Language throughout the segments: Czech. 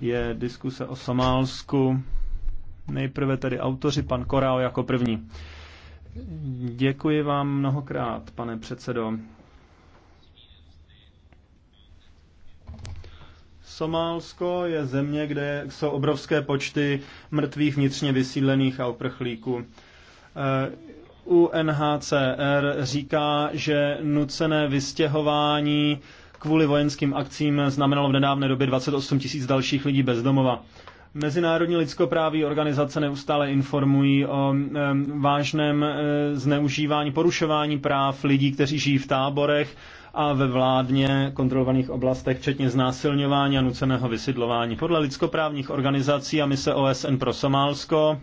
je diskuse o Somálsku. Nejprve tedy autoři, pan Korao jako první. Děkuji vám mnohokrát, pane předsedo. Somálsko je země, kde jsou obrovské počty mrtvých vnitřně vysídlených a uprchlíků. Eh, UNHCR říká, že nucené vystěhování kvůli vojenským akcím znamenalo v nedávné době 28 tisíc dalších lidí bez domova. Mezinárodní lidskoprávní organizace neustále informují o vážném e, zneužívání, porušování práv lidí, kteří žijí v táborech a ve vládně kontrolovaných oblastech, včetně znásilňování a nuceného vysidlování. Podle lidskoprávních organizací a mise OSN pro Somálsko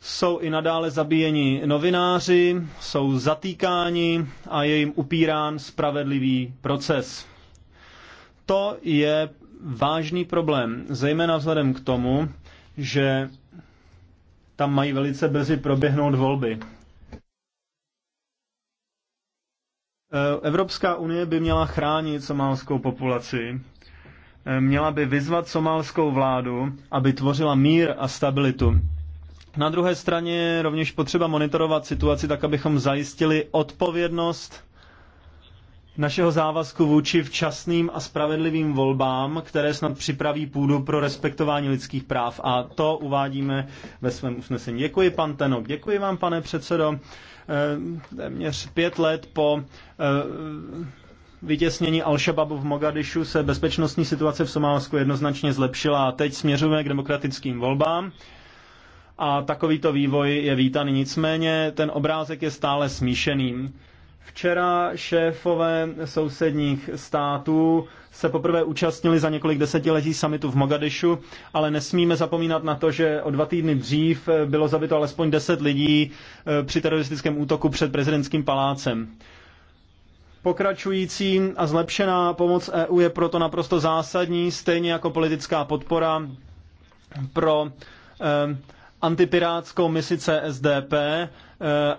jsou i nadále zabíjeni novináři, jsou zatýkáni a je jim upírán spravedlivý proces. To je vážný problém, zejména vzhledem k tomu, že tam mají velice brzy proběhnout volby. E, Evropská unie by měla chránit somálskou populaci, e, měla by vyzvat somálskou vládu, aby tvořila mír a stabilitu. Na druhé straně je rovněž potřeba monitorovat situaci tak, abychom zajistili odpovědnost našeho závazku vůči včasným a spravedlivým volbám, které snad připraví půdu pro respektování lidských práv. A to uvádíme ve svém usnesení. Děkuji, pan Tenok. Děkuji vám, pane předsedo. Eh, téměř pět let po eh, vytěsnění Al-Shababu v Mogadišu se bezpečnostní situace v Somálsku jednoznačně zlepšila a teď směřujeme k demokratickým volbám a takovýto vývoj je vítaný. Nicméně ten obrázek je stále smíšený. Včera šéfové sousedních států se poprvé účastnili za několik desetiletí samitu v Mogadišu, ale nesmíme zapomínat na to, že o dva týdny dřív bylo zabito alespoň deset lidí eh, při teroristickém útoku před prezidentským palácem. Pokračující a zlepšená pomoc EU je proto naprosto zásadní, stejně jako politická podpora pro eh, antipirátskou misi CSDP eh,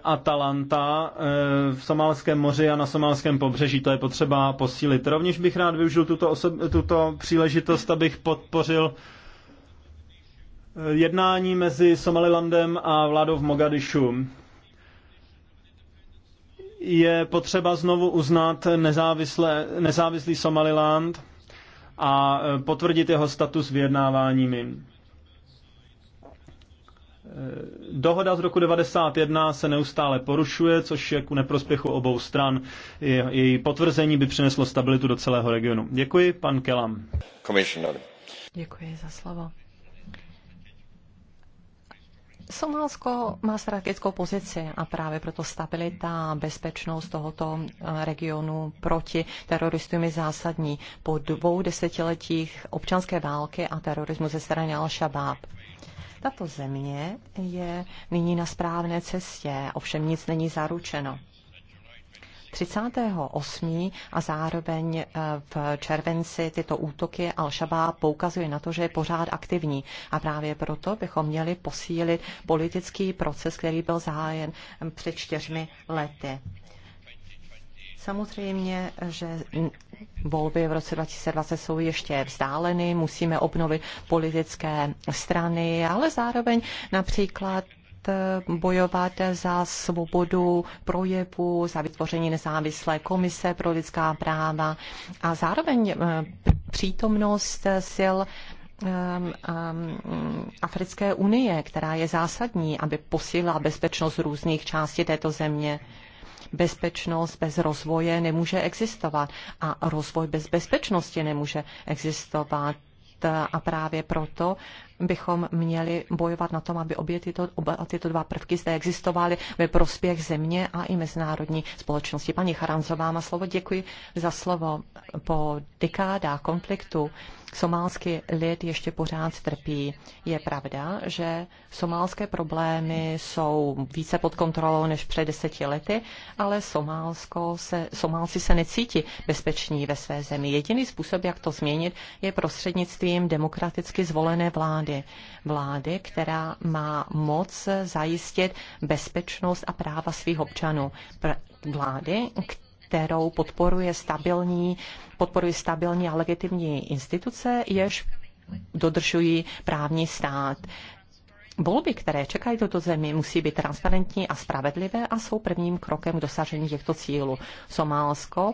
Atalanta eh, v Somálském moři a na Somálském pobřeží. To je potřeba posílit. Rovněž bych rád využil tuto, osob- tuto příležitost, abych podpořil eh, jednání mezi Somalilandem a vládou v Mogadišu. Je potřeba znovu uznat nezávislý Somaliland a potvrdit jeho status vyjednáváními. Dohoda z roku 1991 se neustále porušuje, což je ku neprospěchu obou stran. Její potvrzení by přineslo stabilitu do celého regionu. Děkuji, pan Kelam. Děkuji za slovo. Somálsko má strategickou pozici a právě proto stabilita a bezpečnost tohoto eh, regionu proti teroristům je zásadní po dvou desetiletích občanské války a terorismu ze strany Al-Shabaab. Tato země je nyní na správné cestě, ovšem nic není zaručeno. 38. a zároveň eh, v červenci tyto útoky Al-Shabaab poukazuje na to, že je pořád aktivní. A právě proto bychom měli posílit politický proces, který byl zahájen eh, před čtyřmi lety. Samozřejmě, že volby v roce 2020 jsou ještě vzdáleny, musíme obnovit politické strany, ale zároveň například eh, bojovat za svobodu projevu, za vytvoření nezávislé komise pro lidská práva a zároveň eh, přítomnost sil um, um, Africké unie, která je zásadní, aby posílila bezpečnost různých částí této země bezpečnost bez rozvoje nemůže existovat a rozvoj bez bezpečnosti nemůže existovat. A právě proto bychom měli bojovat na tom, aby obě tyto, oba tyto dva prvky zde existovaly ve prospěch země a i mezinárodní společnosti. Paní Charanzová má slovo. Děkuji za slovo. Po dekádách konfliktu somálský lid ještě pořád trpí. Je pravda, že somálské problémy jsou více pod kontrolou než před deseti lety, ale Somálsko se, Somálci se necítí bezpeční ve své zemi. Jediný způsob, jak to změnit, je prostřednictvím demokraticky zvolené vlády vlády. Vlády, která má moc zajistit bezpečnost a práva svých občanů. Vlády, kterou podporuje stabilní, podporuje stabilní a legitimní instituce, jež dodržují právní stát. Volby, které čekají tuto zemi, musí být transparentní a spravedlivé a jsou prvním krokem k dosažení těchto cílů. Somálsko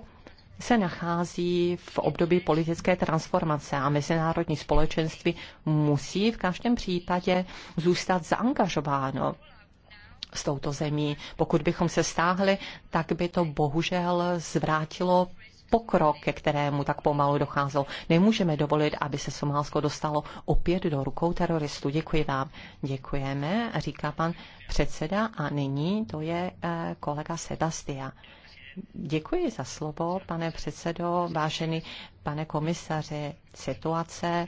se nachází v období politické transformace a mezinárodní společenství musí v každém případě zůstat zaangažováno s touto zemí. Pokud bychom se stáhli, tak by to bohužel zvrátilo pokrok, ke kterému tak pomalu docházelo. Nemůžeme dovolit, aby se Somálsko dostalo opět do rukou teroristů. Děkuji vám. Děkujeme, říká pan předseda a nyní to je eh, kolega Sebastian. Děkuji za slovo, pane předsedo, vážený pane komisaři. Situace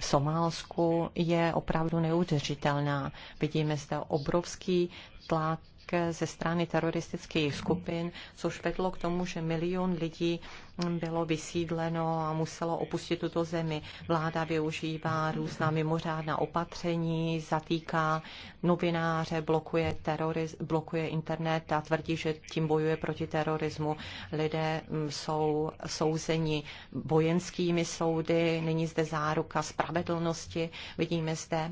v Somálsku je opravdu neudržitelná. Vidíme zde obrovský tlak ze strany teroristických skupin, což vedlo k tomu, že milion lidí bylo vysídleno a muselo opustit tuto zemi. Vláda využívá různá mimořádná opatření, zatýká novináře, blokuje, teroriz, blokuje internet a tvrdí, že tím bojuje proti terorismu. Lidé mm, jsou souzeni vojenskými soudy, není zde záruka spravedlnosti. Vidíme zde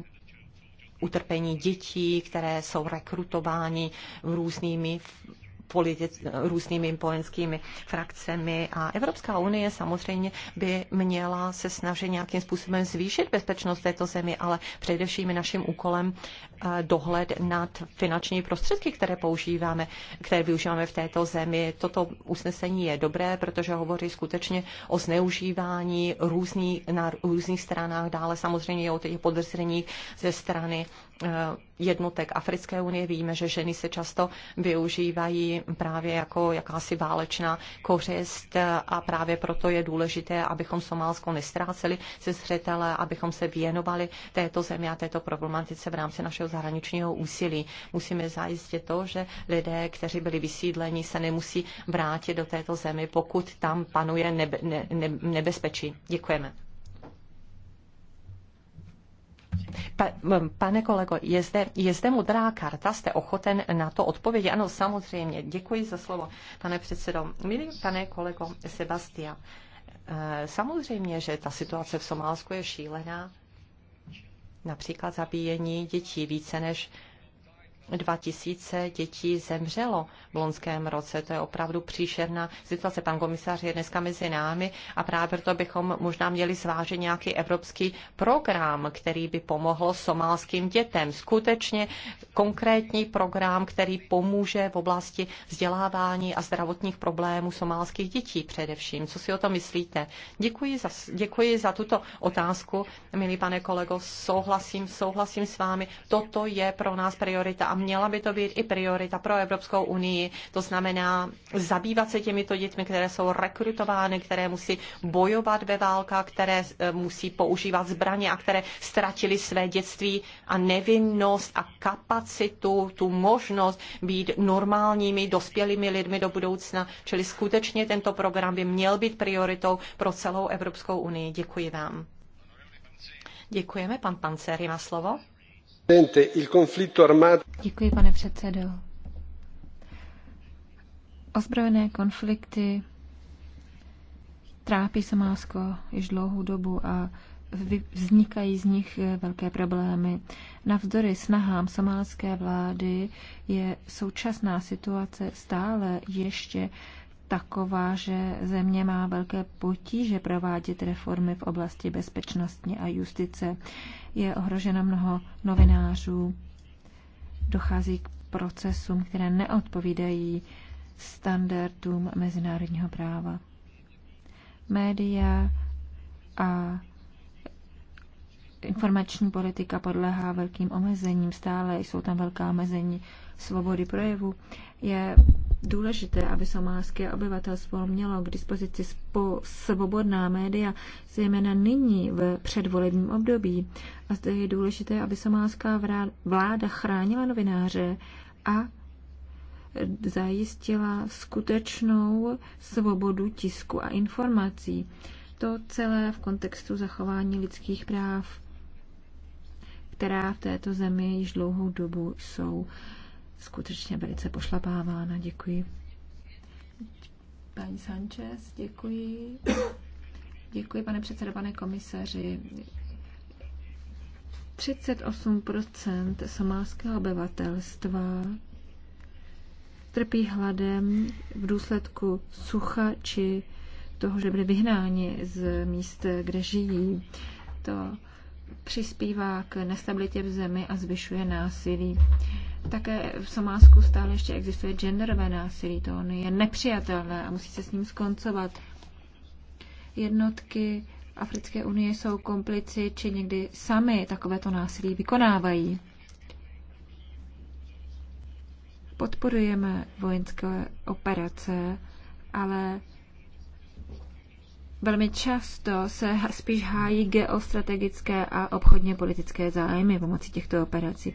utrpení dětí, které jsou rekrutovány různými politic, různými vojenskými frakcemi. A Evropská unie samozřejmě by měla se snažit nějakým způsobem zvýšit bezpečnost této zemi, ale především je naším úkolem eh, dohled nad finanční prostředky, které používáme, které využíváme v této zemi. Toto usnesení je dobré, protože hovoří skutečně o zneužívání různý, na různých stranách, dále samozřejmě je o těch podezřeních ze strany Eh, jednotek Africké unie. Víme, že ženy se často využívají právě jako jakási válečná kořist eh, a právě proto je důležité, abychom Somálsko nestráceli ze zřetele, abychom se věnovali této zemi a této problematice v rámci našeho zahraničního úsilí. Musíme zajistit to, že lidé, kteří byli vysídleni, se nemusí vrátit do této zemi, pokud tam panuje nebe, ne, ne, nebezpečí. Děkujeme. pane kolego, je zde, je zde modrá karta, jste ochoten na to odpovědět? Ano, samozřejmě. Děkuji za slovo, pane předsedo. Milý pane kolego Sebastia, eh, samozřejmě, že ta situace v Somálsku je šílená. Například zabíjení dětí více než 2000 dětí zemřelo v loňském roce. To je opravdu příšerná situace. Pan komisař je dneska mezi námi a právě proto bychom možná měli zvážit nějaký evropský program, který by pomohl somálským dětem. Skutečně konkrétní program, který pomůže v oblasti vzdělávání a zdravotních problémů somálských dětí především. Co si o to myslíte? Děkuji za, děkuji za tuto otázku, milý pane kolego. Souhlasím, souhlasím s vámi. Toto je pro nás priorita a měla by to být i priorita pro Evropskou unii. To znamená zabývat se těmito dětmi, které jsou rekrutovány, které musí bojovat ve válkách, které eh, musí používat zbraně a které ztratili své dětství a nevinnost a kapacitu, tu možnost být normálními, dospělými lidmi do budoucna. Čili skutečně tento program by měl být prioritou pro celou Evropskou unii. Děkuji vám. Děkujeme. Pan Pancer, má slovo pane předsedající Ozbrojené konflikty trápí Somálsko již dlouhou dobu a vznikají z nich eh, velké problémy. Navzdory snahám somálské vlády je současná situace stále ještě taková, že země má velké potíže provádět reformy v oblasti bezpečnosti a justice. Je ohroženo mnoho novinářů, dochází k procesům, které neodpovídají standardům mezinárodního práva. Média a informační politika podléhá velkým omezením, stále jsou tam velká omezení svobody projevu. Je důležité, aby somálské obyvatelstvo mělo k dispozici svobodná média, zejména nyní v předvolebním období. A zde je důležité, aby somálská vláda chránila novináře a zajistila skutečnou svobodu tisku a informací. To celé v kontextu zachování lidských práv, která v této zemi již dlouhou dobu jsou skutečně velice pošlapávána. Děkuji. Paní Sanchez, děkuji. Děkuji, pane předsedo, pane komisaři. 38% somálského obyvatelstva trpí hladem v důsledku sucha či toho, že byly vyhnáni z míst, kde žijí. To přispívá k nestabilitě v zemi a zvyšuje násilí. Také v Somálsku stále ještě existuje genderové násilí, to on je nepřijatelné a musí se s ním skoncovat. Jednotky Africké unie jsou komplici či někdy sami takovéto násilí vykonávají. Podporujeme vojenské operace, ale Velmi často se spíš hájí geostrategické a obchodně politické zájmy pomocí těchto operací.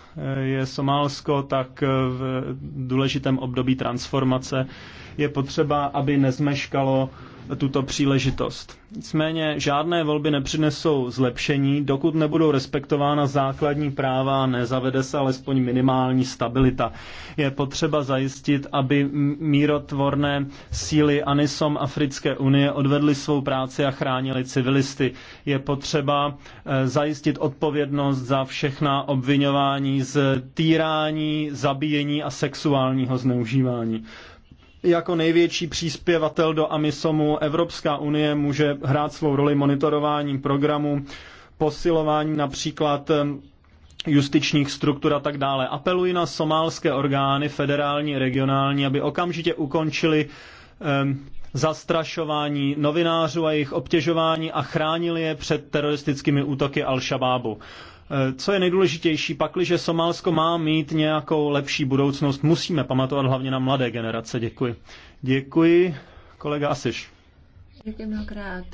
je Somálsko, tak v důležitém období transformace je potřeba, aby nezmeškalo tuto příležitost. Nicméně žádné volby nepřinesou zlepšení, dokud nebudou respektována základní práva a nezavede se alespoň minimální stabilita. Je potřeba zajistit, aby mírotvorné síly Anisom Africké unie odvedly svou práci a chránili civilisty. Je potřeba eh, zajistit odpovědnost za všechna obvinování z týrání, zabíjení a sexuálního zneužívání. Jako největší příspěvatel do AMISOMu Evropská unie může hrát svou roli monitorováním programu, posilování například eh, justičních struktur a tak dále. Apeluji na somálské orgány, federální, regionální, aby okamžitě ukončili eh, zastrašování novinářů a jejich obtěžování a chránili je před teroristickými útoky Al-Shababu. Eh, co je nejdůležitější, pakliže Somálsko má mít nějakou lepší budoucnost, musíme pamatovat hlavně na mladé generace. Děkuji. Děkuji, kolega Asiš. Děkuji mnohokrát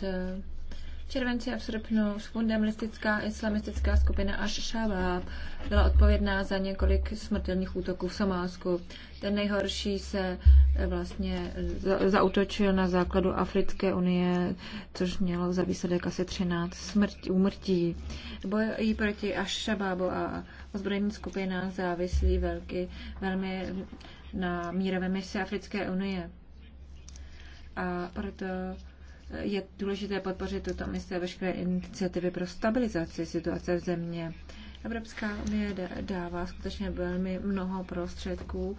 červenci a v srpnu fundamentalistická islamistická skupina Ash-Shabaab byla odpovědná za několik smrtelných útoků v Somálsku. Ten nejhorší se eh, vlastně eh, zautočil na základu Africké unie, což mělo za výsledek asi 13 smrti, úmrtí. Bojí proti Ash-Shabaabu a ozbrojení skupina závislí velky, velmi na mírové misi Africké unie. A proto je důležité podpořit tuto misi a veškeré iniciativy pro stabilizaci situace v země. Evropská unie dává skutečně velmi mnoho prostředků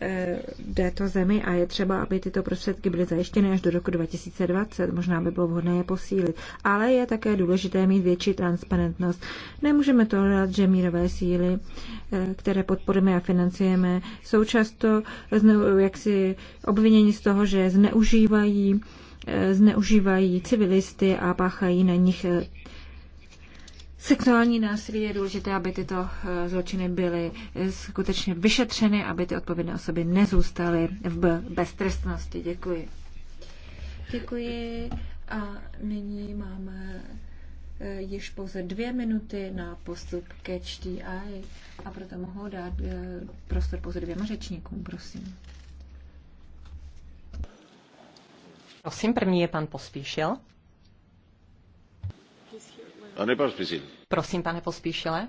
eh, této zemi a je třeba, aby tyto prostředky byly zajištěny až do roku 2020. Možná by bylo vhodné je posílit. Ale je také důležité mít větší transparentnost. Nemůžeme tolerovat, že mírové síly, eh, které podporujeme a financujeme, jsou často jaksi obviněni z toho, že zneužívají E, zneužívají civilisty a páchají na nich e, Sexuální násilí je důležité, aby tyto e, zločiny byly skutečně vyšetřeny, aby ty odpovědné osoby nezůstaly v beztrestnosti. Děkuji. Děkuji a nyní máme již pouze dvě minuty na postup ke čtí a proto mohu dát prostor pouze dvěma řečníkům, prosím. Prosím, první je pan Pospíšil. Pane Pospíšil. Prosím, pane Pospíšile.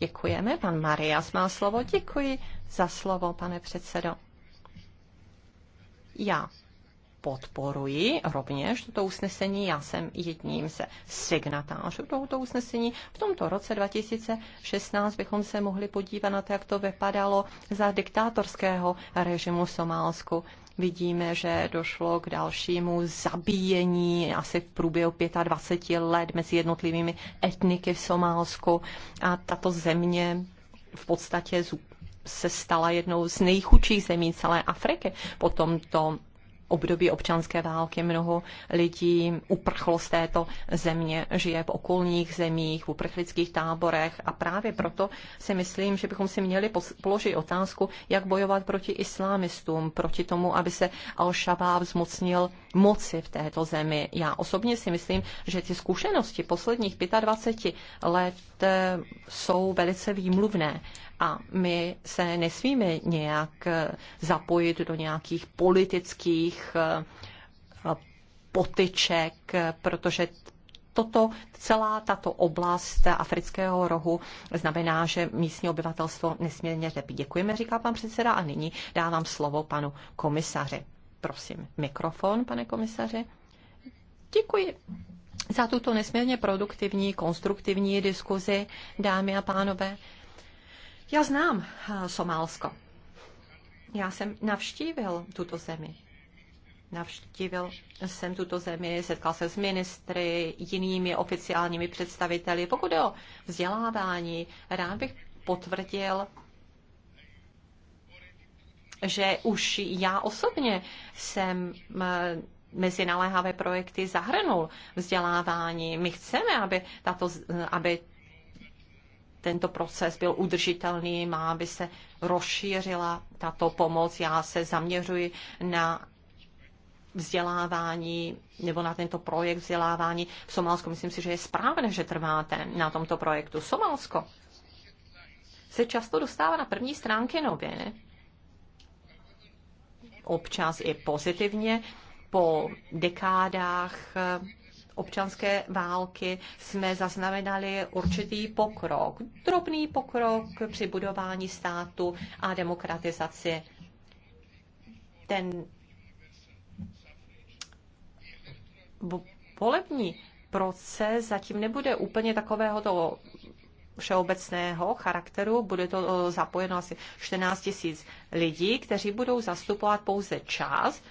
Děkujeme. Pan Marias má slovo. Děkuji za slovo, pane předsedo. Já podporuji rovněž toto usnesení. Já jsem jedním ze signatářů tohoto usnesení. V tomto roce 2016 bychom se mohli podívat na to, jak to vypadalo za diktátorského režimu v Somálsku. Vidíme, že došlo k dalšímu zabíjení asi v průběhu 25 let mezi jednotlivými etniky v Somálsku a tato země v podstatě se stala jednou z nejchudších zemí celé Afriky po tomto období občanské války mnoho lidí uprchlo z této země, žije v okolních zemích, v uprchlických táborech a právě proto si myslím, že bychom si měli položit otázku, jak bojovat proti islámistům, proti tomu, aby se Al-Shabaab zmocnil moci v této zemi. Já osobně si myslím, že ty zkušenosti posledních 25 let eh, jsou velice výmluvné a my se nesmíme nějak eh, zapojit do nějakých politických různých eh, potyček, protože toto, celá tato oblast afrického rohu znamená, že místní obyvatelstvo nesmírně trpí. Děkujeme, říká pan předseda, a nyní dávám slovo panu komisaři. Prosím, mikrofon, pane komisaři. Děkuji za tuto nesmírně produktivní, konstruktivní diskuzi, dámy a pánové. Já znám eh, Somálsko. Já jsem navštívil tuto zemi. Navštívil jsem tuto zemi, setkal se s ministry, jinými oficiálními představiteli. Pokud je o vzdělávání, rád bych potvrdil, že už já osobně jsem eh, mezi naléhavé projekty zahrnul vzdělávání. My chceme, aby, tato, aby tento proces byl udržitelný, má, aby se rozšířila tato pomoc. Já se zaměřuji na vzdělávání nebo na tento projekt vzdělávání v Somálsku. Myslím si, že je správné, že trváte na tomto projektu. Somálsko se často dostává na první stránky nově, občas i pozitivně. Po dekádách eh, občanské války jsme zaznamenali určitý pokrok, drobný pokrok při budování státu a demokratizaci. Ten volební proces zatím nebude úplně takového toho všeobecného charakteru, bude to eh, zapojeno asi 14 tisíc lidí, kteří budou zastupovat pouze část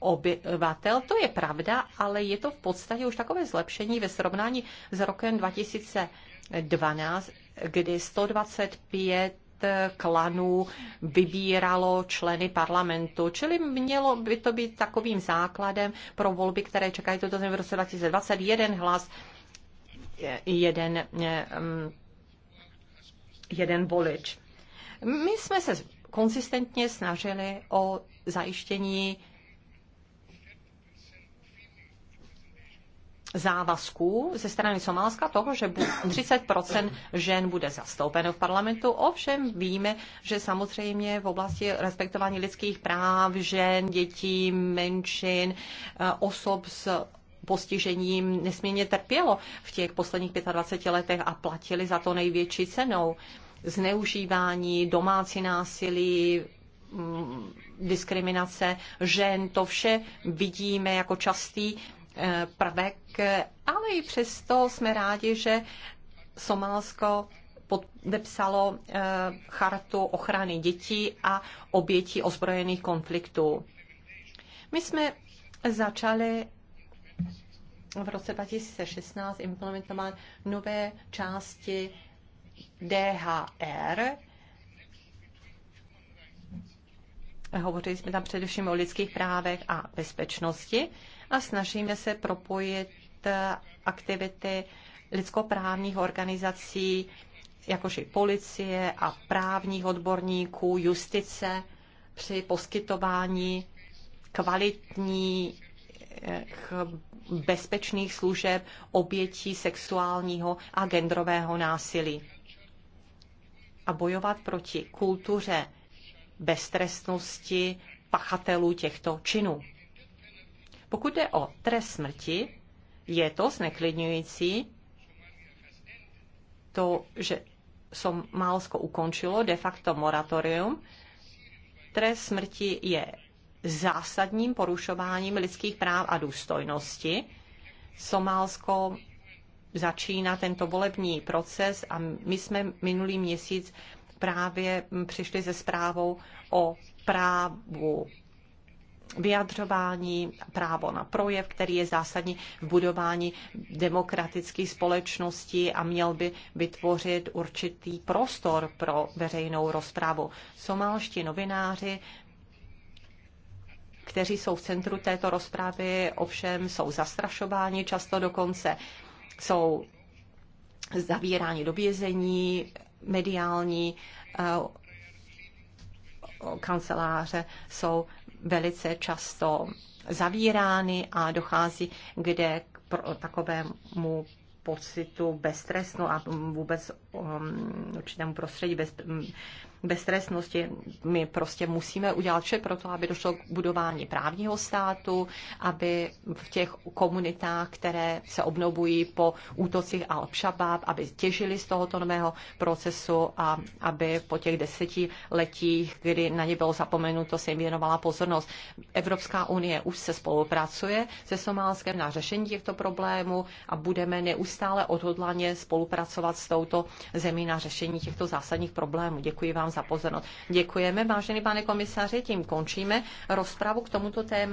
obyvatel. To je pravda, ale je to v podstatě už takové zlepšení ve srovnání s rokem 2012, kdy 125 klanů vybíralo členy parlamentu, čili mělo by to být takovým základem pro volby, které čekají tuto zemi v roce 2021 hlas, jeden, mm, jeden volič. My jsme se konsistentně snažili o zajištění závazků ze strany Somálska toho, že 30 žen bude zastoupeno v parlamentu. Ovšem víme, že samozřejmě v oblasti respektování lidských práv žen, dětí, menšin, eh, osob s postižením nesmírně trpělo v těch posledních 25 letech a platili za to největší cenou. Zneužívání, domácí násilí, mm, diskriminace žen, to vše vidíme jako častý Eh, prvek, ale i přesto jsme rádi, že Somálsko podepsalo eh, chartu ochrany dětí a obětí ozbrojených konfliktů. My jsme začali v roce 2016 implementovat nové části DHR. Hovořili jsme tam především o lidských právech a bezpečnosti a snažíme se propojit eh, aktivity lidskoprávních organizací, jakož i policie a právních odborníků, justice při poskytování kvalitních eh, bezpečných služeb obětí sexuálního a genderového násilí. A bojovat proti kultuře beztrestnosti pachatelů těchto činů. Pokud je o trest smrti, je to zneklidňující, to, že Málsko ukončilo de facto moratorium. Trest smrti je zásadním porušováním lidských práv a důstojnosti. Somálsko začíná tento volební proces a my jsme minulý měsíc právě přišli se zprávou o právu vyjadřování, právo na projev, který je zásadní v budování demokratické společnosti a měl by vytvořit určitý prostor pro veřejnou rozpravu. Somálští novináři kteří jsou v centru této rozpravy, ovšem jsou zastrašováni, často dokonce jsou zavíráni do vězení, mediální eh, kanceláře jsou velice často zavírány a dochází kde k takovému pocitu beztrestnu a vůbec um, určitému prostředí bez, um, beztrestnosti. My prostě musíme udělat vše pro to, aby došlo k budování právního státu, aby v těch komunitách, které se obnovují po útocích Al-Shabaab, aby těžili z tohoto nového procesu a aby po těch deseti letích, kdy na ně bylo zapomenuto, se jim věnovala pozornost. Evropská unie už se spolupracuje se Somálskem na řešení těchto problémů a budeme neustále odhodlaně spolupracovat s touto zemí na řešení těchto zásadních problémů. Děkuji vám za za pozornost. Děkujeme, vážený pane komisaři, tím končíme rozpravu k tomuto tématu.